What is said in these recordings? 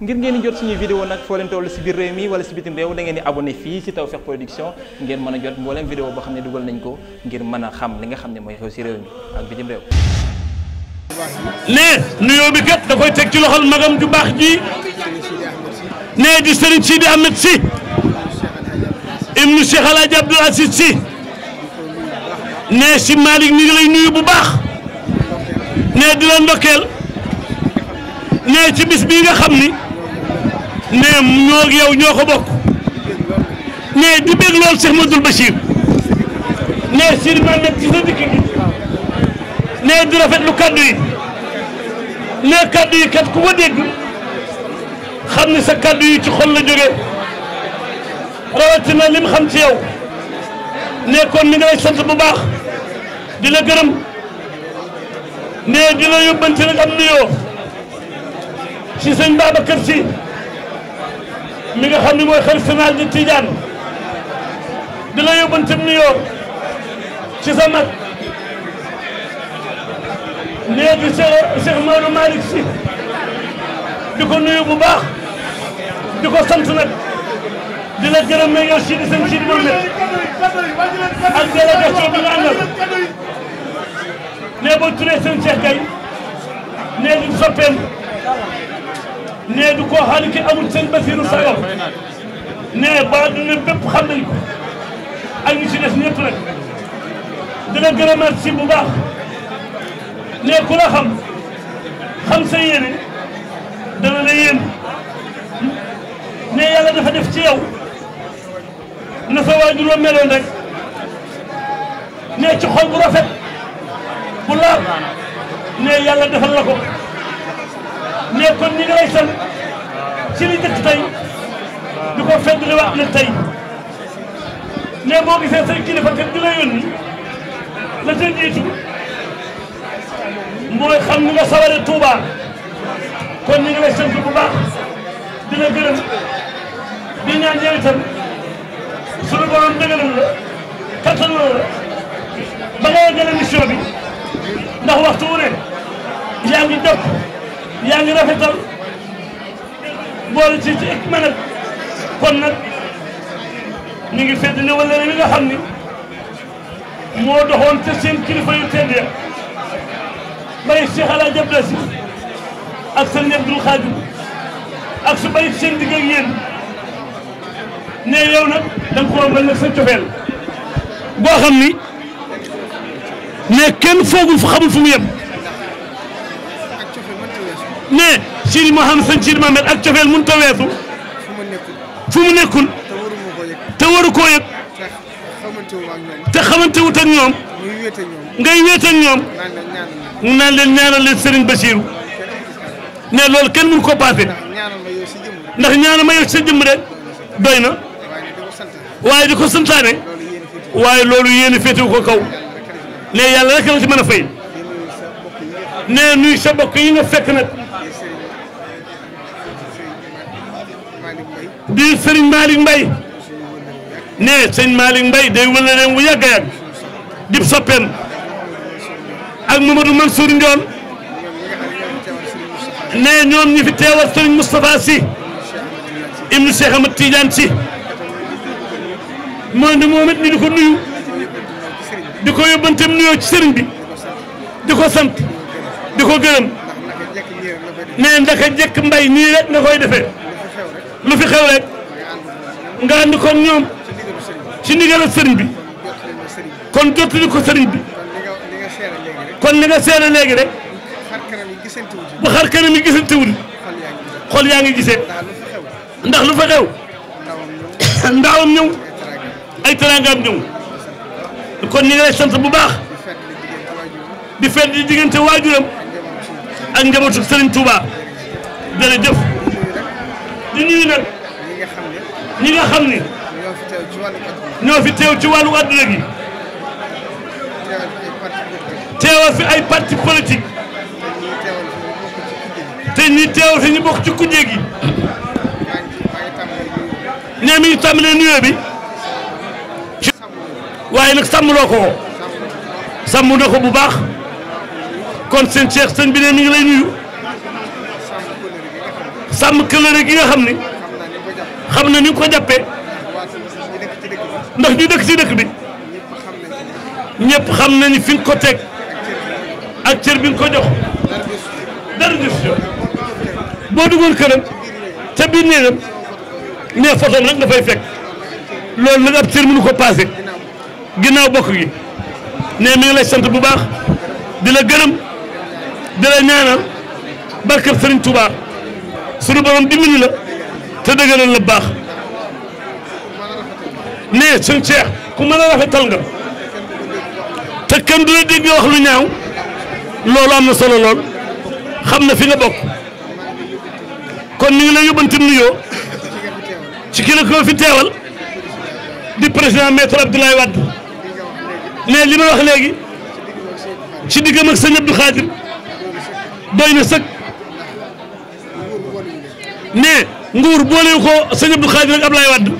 ngir ngeen di jot suñuy vidéo nag foo leen toll si biir réew mi wala si bitim réew da ngeen di abonné fii si Tawfekh Production ngeen mën a jot mbooleem vidéo boo xam ne dugal nañ ko ngir mën a xam li nga xam ne mooy xew si réew mi ak bitim réew ne nuyoo bi kat da koy baax ji ne di Serigne Sidi Ahmed si ibnu Cheikh El Hadj Abdoul Aziz si ne si nuyu bu baax ne di la ndokkeel ne ci bis bii nga xam ni ne ñoo ak yow ñoo ko bokk ne di bég lool Cheikh Madul Bachir ne Sidi Man nekk ci sa dikk gi ne di rafetlu kaddu yi ne kaddu yi kat ku ko dégg xam ci xol la xam ci yow ne kon mi ngi lay sant bu baax di la gërëm ne di la yóbbante nag am nuyoo si sëñ Babacar si. mi nga xam ni mooy xalifa général di Tidiane di la yóbbante nuyoo ci sa mag nee di Cheikh Cheikh Maodo Malick Sy di ko nuyu bu baax di ko sant nag di la gërëm mais yow si di seen si di moom ak délégation bi nga àndal nee boo turee seen Cheikh Gaye nee di soppeem nee du koo xaali ki amul seen basiru sagal nee ba duna bépp xam nañ ko ak ñu si des ñëpp rek dina gërëmaat si bu baax nee ku la xam xam sa yéene dana nee yàlla dafa def ci yow na sa waajur wa meloon rek nee ci xol bu rafet bu laal nee yàlla defa la ko mais kon ñi ngi ci li njëkk tey di ko fëttali wax na tey mais boo gisee say kilifa te di la yónni la ca jiitu mooy xam ni nga saware Touba kon ñi ngi lay bu baax di la gërëm di ñaan yow itam suñu borom dëgëral la kattanoo la ba nga yeggale mission bi ndax waxtu wu yaa ngi dëpp. yaa ngi rafetal boole ci ci ik manat kon nag ñu ngi fedd ne wala li nga xam ni moo doxoon te seen kilifa yu bay Cheikh El Hadj Abdou Si ak sëñ Abdoul Khadim ak su bay seen digg ak yéen ne yow nag da nga koo mel cofeel boo xam ni ne kenn foogul fu xamul fu mu ne Cheikh Mouhamed Sëñ Cheikh Mouhamed ak cofeel mun ta weesu fu mu nekkul te waru koo yëg te xamante wut ak ñoom ngay wéet ak ñoom mu naan leen ñaanal leen Serigne Bachirou ne loolu kenn mun koo paase ndax ñaanal ma yow sa jëmm rek doy na waaye di ko santaane waaye loolu yéen a féetewu ko kaw ne yàlla rek la ci mën a fay ne nuy sa bokk yi nga fekk nag. di sëriñ Malick Mbaye ne sëriñ Malick Mbaye day wëla leen bu yàgg a yàgg dib soppeem ak Mamadou Mansour Ndiol ne ñoom ñi fi teewal sëriñ Moustapha Sy ibnu Cheikh Ahmad Tidiane Sy mooy ne moom it ni di ko nuyu di ko yóbbanteem nuyoo ci sëriñ bi di ko sant di ko gërëm ne ndaka jekk mbay nii rek na koy defee lu fi xew rek nga andi ko ñoom ci ndigalu sëriñ bi kon jottali ko sëriñ bi kon li nga seere léegi rek bu xar kanam yi gisante wul xol yaa ngi gisee ndax lu fa xew ndaawam ñëw ay teraangaam ñëw kon ñu ngi lay sant bu baax di fedd di diggante waajuram ak njabootu Serigne Touba jërëjëf. ñii nag ñi nga xam ni ñoo fi teew ci wàllu àdduna gi teewal fi ay parti politique te ñi teewal fi ñu bokk ci kujje gi ne mi ngi tàmbalee waaye nag sàmmloo ko sàmm na ko bu baax kon seen Cheikh sëñ bi ne mi ngi lay sàmm këllëre gi nga xam ni xam na ni ko jàppee ndax ñu dëkk ci dëkk bi ñëpp xam nañu fi nga ko teg ak cër bi ko jox dara gis yo boo duggoon këram ca biir néegam ne fotoom rek nga fay fekk loolu nag ab cër mënu ko passé ginnaaw bokk gi ne mi ngi lay sant bu baax di la gërëm di la ñaanal barkab Sëriñ Tuubaa sunu borom dimbali la te dëgëral la baax ne sëñ Cheikh ku mën a rafetal nga te kenn du la dégg wax lu ñaaw loolu am na solo lool xam na fi nga bokk kon ñu ngi lay yóbbanti nuyoo ci ki la ko fi teewal di président maître Abdoulaye Wade ne li ma wax léegi ci diggam ak sëñ Abdou Khadir doy na sëkk. ne nguur boolewu ko sëñ Abdou Khadir ak Ablaye Wade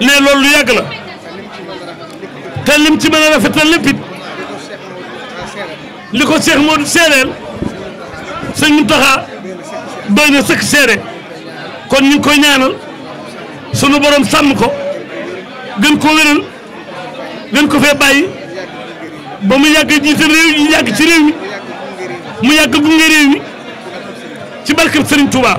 ne loolu lu la te lim ci mën a rafetal lépp it li ko Cheikh Modou seereel sëñ Mountakha doy na sëkk seere kon ñu ngi koy ñaanal sunu borom sàmm ko gën ko wéral gën ko fee bàyyi ba mu yàgg jiite réew mi yàgg ci réew mi mu yàgg gunge réew mi ci barkeb Serigne Touba.